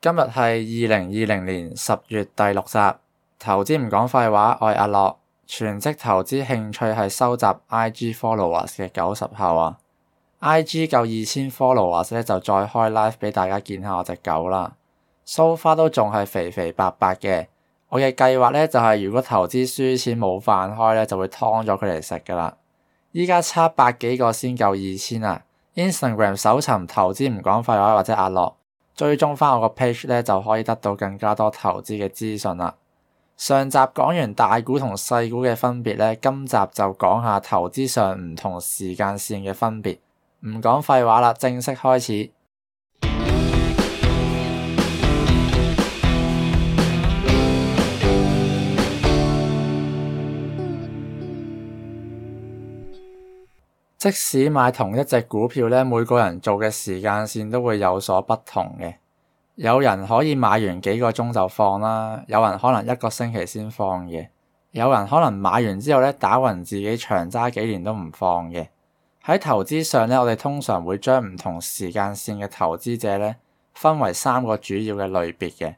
今日係二零二零年十月第六集，投資唔講廢話，我係阿樂，全職投資興趣係收集 I G followers 嘅九十後啊！I G 夠二千 followers 咧，就再開 live 俾大家見下我隻狗啦。So far 都仲係肥肥白白嘅，我嘅計劃咧就係如果投資輸錢冇飯開咧，就會劏咗佢嚟食噶啦。依家差百幾個先夠二千啊！Instagram 搜尋投資唔講廢話或者阿樂。追蹤返我個 page 咧，就可以得到更加多投資嘅資訊啦。上集講完大股同細股嘅分別咧，今集就講下投資上唔同時間線嘅分別。唔講廢話啦，正式開始。即使買同一隻股票咧，每個人做嘅時間線都會有所不同嘅。有人可以買完幾個鐘就放啦，有人可能一個星期先放嘅，有人可能買完之後咧打暈自己長揸幾年都唔放嘅。喺投資上咧，我哋通常會將唔同時間線嘅投資者咧分為三個主要嘅類別嘅，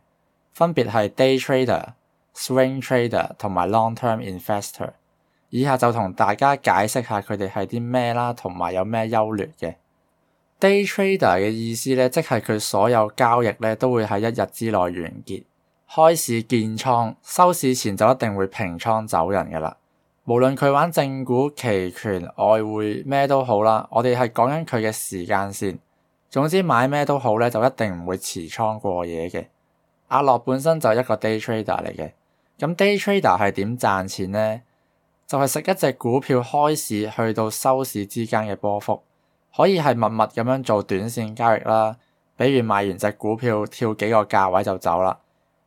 分別係 day trader、swing trader 同埋 long term investor。以下就同大家解釋下佢哋係啲咩啦，同埋有咩優劣嘅。Day Trader 嘅意思咧，即係佢所有交易咧都會喺一日之內完結，開市建倉，收市前就一定會平倉走人噶啦。無論佢玩正股、期權、外匯咩都好啦，我哋係講緊佢嘅時間線。總之買咩都好咧，就一定唔會持倉過夜嘅。阿樂本身就係一個 Day Trader 嚟嘅，咁 Day Trader 係點賺錢咧？就係食一隻股票開市去到收市之間嘅波幅，可以係密密咁樣做短線交易啦，比如買完隻股票跳幾個價位就走啦，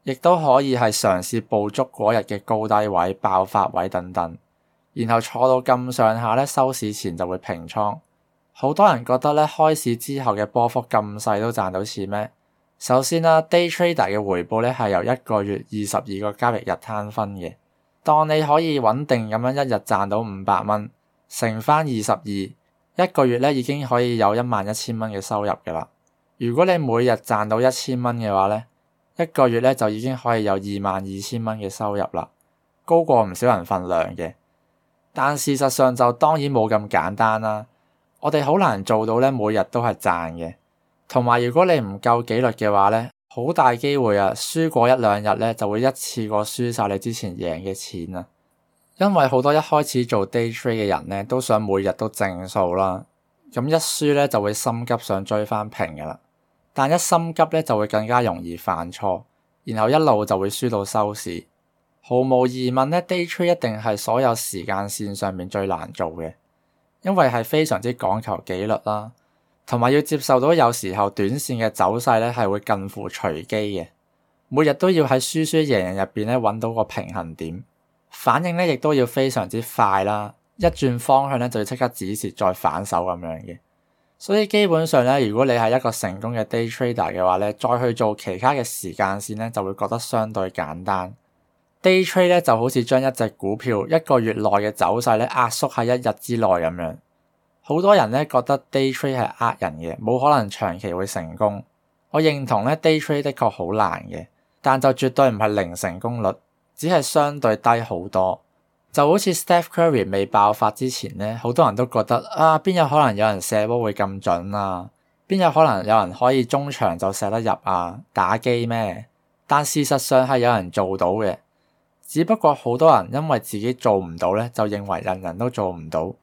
亦都可以係嘗試捕捉嗰日嘅高低位、爆發位等等，然後坐到咁上下咧，收市前就會平倉。好多人覺得咧，開市之後嘅波幅咁細都賺到錢咩？首先啦，day trader 嘅回報咧係由一個月二十二個交易日攤分嘅。當你可以穩定咁樣一日賺到五百蚊，乘翻二十二，一個月咧已經可以有一萬一千蚊嘅收入㗎啦。如果你每日賺到一千蚊嘅話咧，一個月咧就已經可以有二萬二千蚊嘅收入啦，高過唔少人份量嘅。但事實上就當然冇咁簡單啦，我哋好難做到咧每日都係賺嘅，同埋如果你唔夠紀律嘅話咧。好大機會啊，輸過一兩日咧，就會一次過輸晒你之前贏嘅錢啊。因為好多一開始做 day trade 嘅人咧，都想每日都正數啦。咁一輸咧，就會心急想追翻平㗎啦。但一心急咧，就會更加容易犯錯，然後一路就會輸到收市。毫無疑問咧，day trade 一定係所有時間線上面最難做嘅，因為係非常之講求紀律啦。同埋要接受到，有時候短線嘅走勢咧，係會近乎隨機嘅，每日都要喺輸輸贏贏入邊咧，揾到個平衡點反應咧亦都要非常之快啦，一轉方向咧就要即刻止蝕再反手咁樣嘅。所以基本上咧，如果你係一個成功嘅 Day Trader 嘅話咧，再去做其他嘅時間線咧就會覺得相對簡單。Day Trade 咧就好似將一隻股票一個月內嘅走勢咧壓縮喺一日之內咁樣。好多人咧覺得 day trade 係呃人嘅，冇可能長期會成功。我認同咧，day trade 的確好難嘅，但就絕對唔係零成功率，只係相對低好多。就好似 Steph Curry 未爆發之前咧，好多人都覺得啊，邊有可能有人射波會咁準啊？邊有可能有人可以中場就射得入啊？打機咩？但事實上係有人做到嘅，只不過好多人因為自己做唔到咧，就認為人人都做唔到。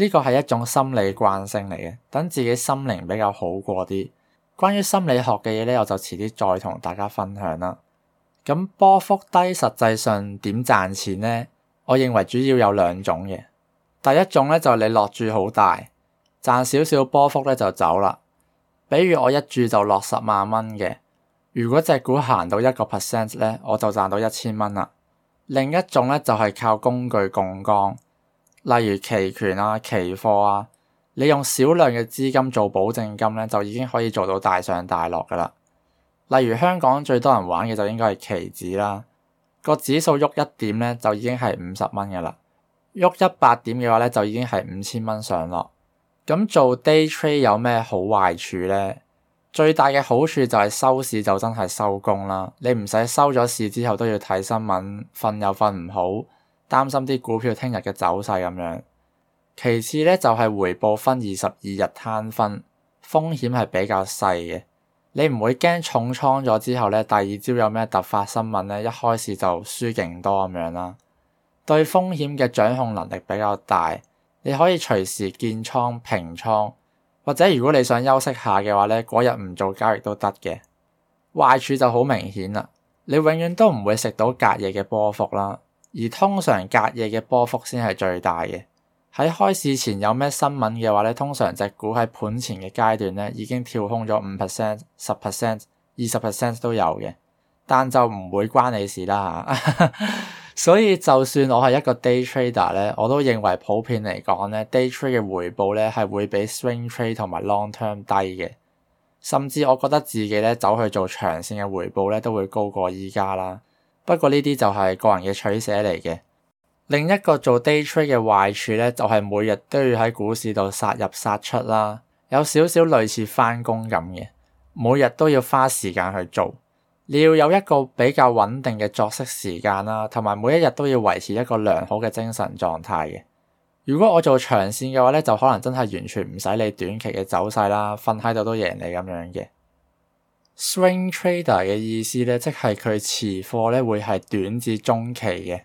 呢個係一種心理慣性嚟嘅，等自己心靈比較好過啲。關於心理學嘅嘢咧，我就遲啲再同大家分享啦。咁波幅低，實際上點賺錢呢？我認為主要有兩種嘅。第一種咧就係、是、你落注好大，賺少少波幅咧就走啦。比如我一注就落十萬蚊嘅，如果隻股行到一個 percent 咧，我就賺到一千蚊啦。另一種咧就係、是、靠工具槓桿。例如期權啊、期貨啊，你用少量嘅資金做保證金咧，就已經可以做到大上大落噶啦。例如香港最多人玩嘅就應該係期指啦，個指數喐一點咧，就已經係五十蚊噶啦。喐一百點嘅話咧，就已經係五千蚊上落。咁做 day trade 有咩好壞處咧？最大嘅好處就係收市就真係收工啦，你唔使收咗市之後都要睇新聞，瞓又瞓唔好。擔心啲股票聽日嘅走勢咁樣，其次咧就係回報分二十二日攤分，風險係比較細嘅，你唔會驚重倉咗之後咧第二朝有咩突發新聞咧，一開始就輸勁多咁樣啦。對風險嘅掌控能力比較大，你可以隨時建倉平倉，或者如果你想休息下嘅話咧，嗰日唔做交易都得嘅。壞處就好明顯啦，你永遠都唔會食到隔夜嘅波幅啦。而通常隔夜嘅波幅先係最大嘅。喺開市前有咩新聞嘅話咧，通常隻股喺盤前嘅階段咧已經跳空咗五 percent、十 percent、二十 percent 都有嘅，但就唔會關你事啦嚇。 所以就算我係一個 day trader 咧，我都認為普遍嚟講咧，day trade 嘅回報咧係會比 swing trade 同埋 long term 低嘅，甚至我覺得自己咧走去做長線嘅回報咧都會高過依家啦。不過呢啲就係個人嘅取捨嚟嘅。另一個做 day trade 嘅壞處咧，就係每日都要喺股市度殺入殺出啦，有少少類似翻工咁嘅。每日都要花時間去做，你要有一個比較穩定嘅作息時間啦，同埋每一日都要維持一個良好嘅精神狀態嘅。如果我做長線嘅話咧，就可能真係完全唔使理短期嘅走勢啦，瞓喺度都贏你咁樣嘅。Swing trader 嘅意思咧，即係佢持貨咧會係短至中期嘅，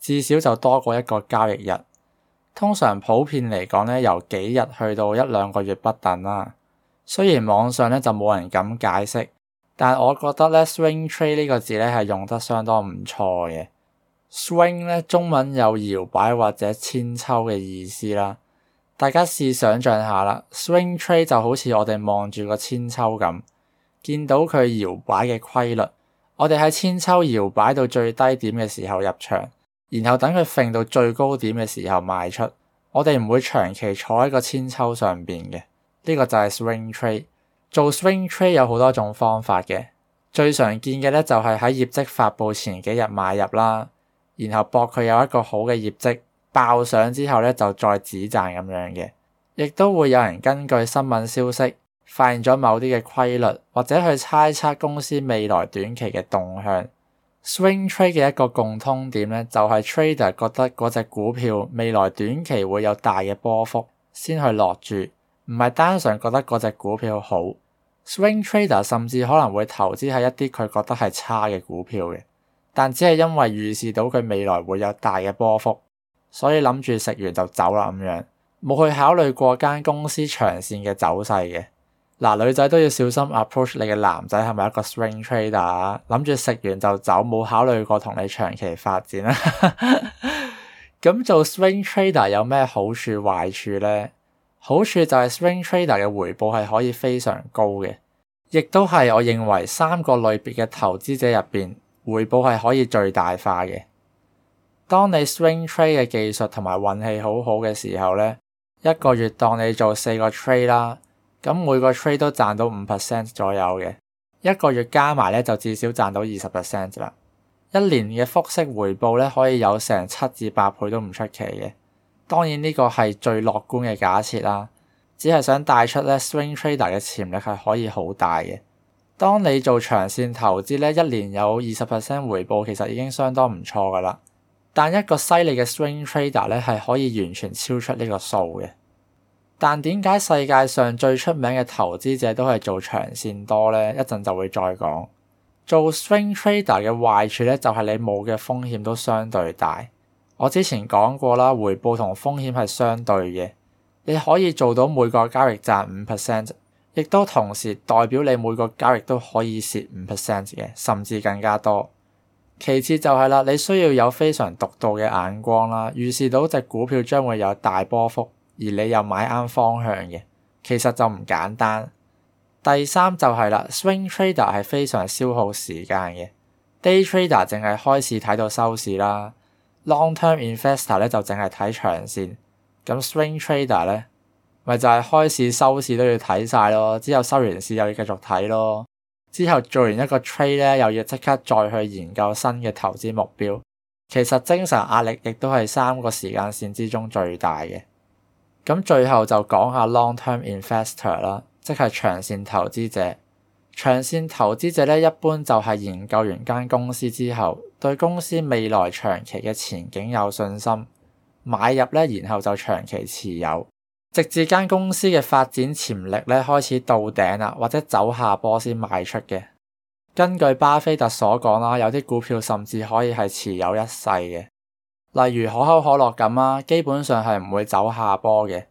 至少就多過一個交易日。通常普遍嚟講咧，由幾日去到一兩個月不等啦。雖然網上咧就冇人咁解釋，但我覺得咧，swing trade 呢個字咧係用得相當唔錯嘅。swing 咧中文有搖擺或者千秋嘅意思啦，大家試想象下啦，swing trade 就好似我哋望住個千秋咁。見到佢搖擺嘅規律，我哋喺千秋搖擺到最低點嘅時候入場，然後等佢揈到最高點嘅時候賣出。我哋唔會長期坐喺個千秋上邊嘅，呢個就係 swing trade。做 swing trade 有好多種方法嘅，最常見嘅咧就係喺業績發布前幾日買入啦，然後博佢有一個好嘅業績爆上之後咧就再止賺咁樣嘅，亦都會有人根據新聞消息。發現咗某啲嘅規律，或者去猜測公司未來短期嘅動向。Swing trade 嘅一個共通點咧，就係 trader 覺得嗰隻股票未來短期會有大嘅波幅，先去落住，唔係單純覺得嗰隻股票好。Swing trader 甚至可能會投資喺一啲佢覺得係差嘅股票嘅，但只係因為預示到佢未來會有大嘅波幅，所以諗住食完就走啦咁樣，冇去考慮過間公司長線嘅走勢嘅。嗱，女仔都要小心 approach 你嘅男仔係咪一個 swing trader？諗住食完就走，冇考慮過同你長期發展啊！咁 做 swing trader 有咩好處、壞處呢？好處就係 swing trader 嘅回報係可以非常高嘅，亦都係我認為三個類別嘅投資者入邊，回報係可以最大化嘅。當你 swing trade 嘅技術同埋運氣好好嘅時候呢，一個月當你做四個 trade、er，啦。咁每個 trade 都賺到五 percent 左右嘅，一個月加埋咧就至少賺到二十 percent 啦。一年嘅複息回報咧可以有成七至八倍都唔出奇嘅。當然呢個係最樂觀嘅假設啦，只係想帶出咧 swing trader 嘅潛力係可以好大嘅。當你做長線投資咧，一年有二十 percent 回報其實已經相當唔錯㗎喇。但一個犀利嘅 swing trader 咧係可以完全超出呢個數嘅。但點解世界上最出名嘅投資者都係做長線多呢？一陣就會再講。做 swing trader 嘅壞處咧，就係你冇嘅風險都相對大。我之前講過啦，回報同風險係相對嘅，你可以做到每個交易賺五 percent，亦都同時代表你每個交易都可以蝕五 percent 嘅，甚至更加多。其次就係啦，你需要有非常獨到嘅眼光啦，預示到隻股票將會有大波幅。而你又買啱方向嘅，其實就唔簡單。第三就係、是、啦，swing trader 係非常消耗時間嘅。day trader 淨係開市睇到收市啦，long term investor 咧就淨係睇長線。咁 swing trader 咧咪就係、是、開市收市都要睇晒咯，之後收完市又要繼續睇咯，之後做完一個 trade 咧又要即刻再去研究新嘅投資目標。其實精神壓力亦都係三個時間線之中最大嘅。咁最後就講下 long-term investor 啦，即係長線投資者。長線投資者咧，一般就係研究完間公司之後，對公司未來長期嘅前景有信心，買入咧，然後就長期持有，直至間公司嘅發展潛力咧開始到頂啦，或者走下坡先賣出嘅。根據巴菲特所講啦，有啲股票甚至可以係持有一世嘅。例如可口可樂咁啦，基本上係唔會走下坡嘅。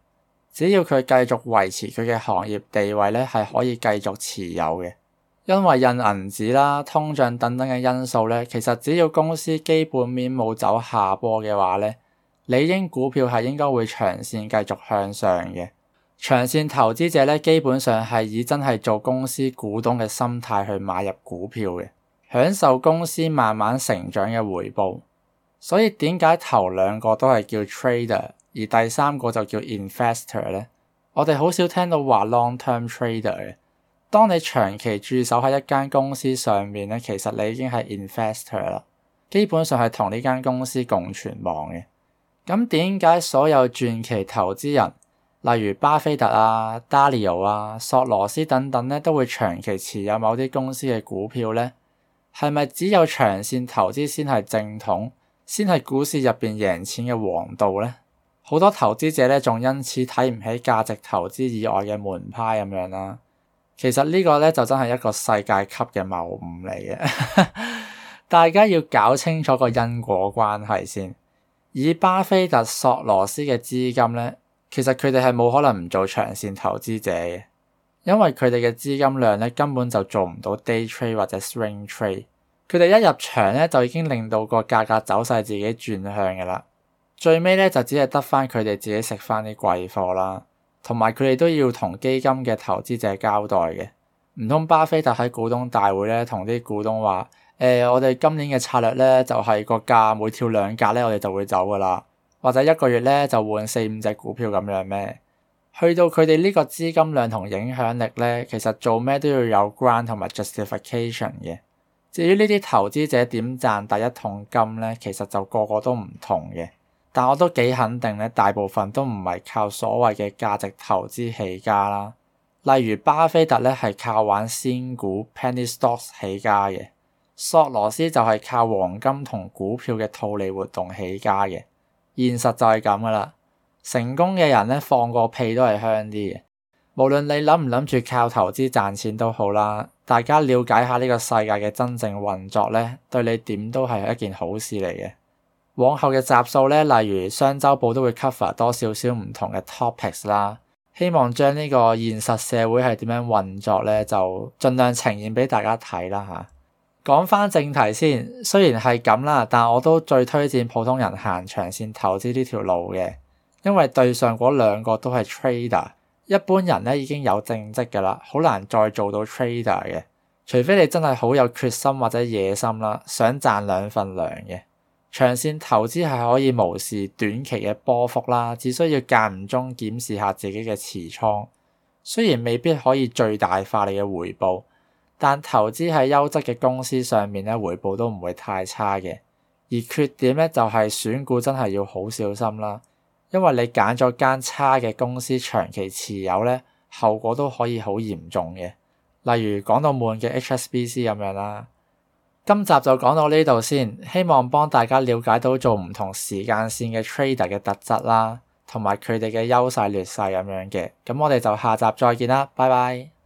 只要佢繼續維持佢嘅行業地位咧，係可以繼續持有嘅。因為印銀紙啦、通脹等等嘅因素咧，其實只要公司基本面冇走下坡嘅話咧，理應股票係應該會長線繼續向上嘅。長線投資者咧，基本上係以真係做公司股東嘅心態去買入股票嘅，享受公司慢慢成長嘅回報。所以點解頭兩個都係叫 trader，而第三個就叫 investor 咧？我哋好少聽到話 long term trader 嘅。當你長期駐守喺一間公司上面咧，其實你已經係 investor 啦，基本上係同呢間公司共存亡嘅。咁點解所有傳奇投資人，例如巴菲特啊、Dalio 啊、索羅斯等等咧，都會長期持有某啲公司嘅股票咧？係咪只有長線投資先係正統？先係股市入邊贏錢嘅王道咧，好多投資者咧仲因此睇唔起價值投資以外嘅門派咁樣啦、啊。其實個呢個咧就真係一個世界級嘅謬誤嚟嘅， 大家要搞清楚個因果關係先。以巴菲特、索羅斯嘅資金咧，其實佢哋係冇可能唔做長線投資者嘅，因為佢哋嘅資金量咧根本就做唔到 day trade 或者 swing trade。佢哋一入場咧，就已經令到個價格走曬自己轉向嘅啦。最尾咧，就只係得翻佢哋自己食翻啲貴貨啦，同埋佢哋都要同基金嘅投資者交代嘅。唔通巴菲特喺股東大會咧，同啲股東話：誒，我哋今年嘅策略咧，就係個價每跳兩格咧，我哋就會走噶啦，或者一個月咧就換四五隻股票咁樣咩？去到佢哋呢個資金量同影響力咧，其實做咩都要有 ground 同埋 justification 嘅。至於呢啲投資者點賺第一桶金咧，其實就個個都唔同嘅。但我都幾肯定咧，大部分都唔係靠所謂嘅價值投資起家啦。例如巴菲特咧係靠玩仙股 penny stocks 起家嘅，索羅斯就係靠黃金同股票嘅套利活動起家嘅。現實就係咁噶啦。成功嘅人咧放個屁都係香啲嘅，無論你諗唔諗住靠投資賺錢都好啦。大家了解下呢個世界嘅真正運作咧，對你點都係一件好事嚟嘅。往後嘅集數咧，例如雙周報都會 cover 多多少少唔同嘅 topics 啦，希望將呢個現實社會係點樣運作咧，就盡量呈現俾大家睇啦吓。講返正題先，雖然係咁啦，但我都最推薦普通人行長線投資呢條路嘅，因為對上嗰兩個都係 trader。一般人咧已經有正職㗎喇，好難再做到 trader 嘅，除非你真係好有決心或者野心啦，想賺兩份糧嘅。長線投資係可以無視短期嘅波幅啦，只需要間唔中檢視下自己嘅持倉。雖然未必可以最大化你嘅回報，但投資喺優質嘅公司上面咧，回報都唔會太差嘅。而缺點咧就係選股真係要好小心啦。因為你揀咗間差嘅公司長期持有呢，後果都可以好嚴重嘅。例如講到悶嘅 HSBC 咁樣啦。今集就講到呢度先，希望幫大家了解到做唔同時間線嘅 trader 嘅特質啦，同埋佢哋嘅優勢劣勢咁樣嘅。咁我哋就下集再見啦，拜拜。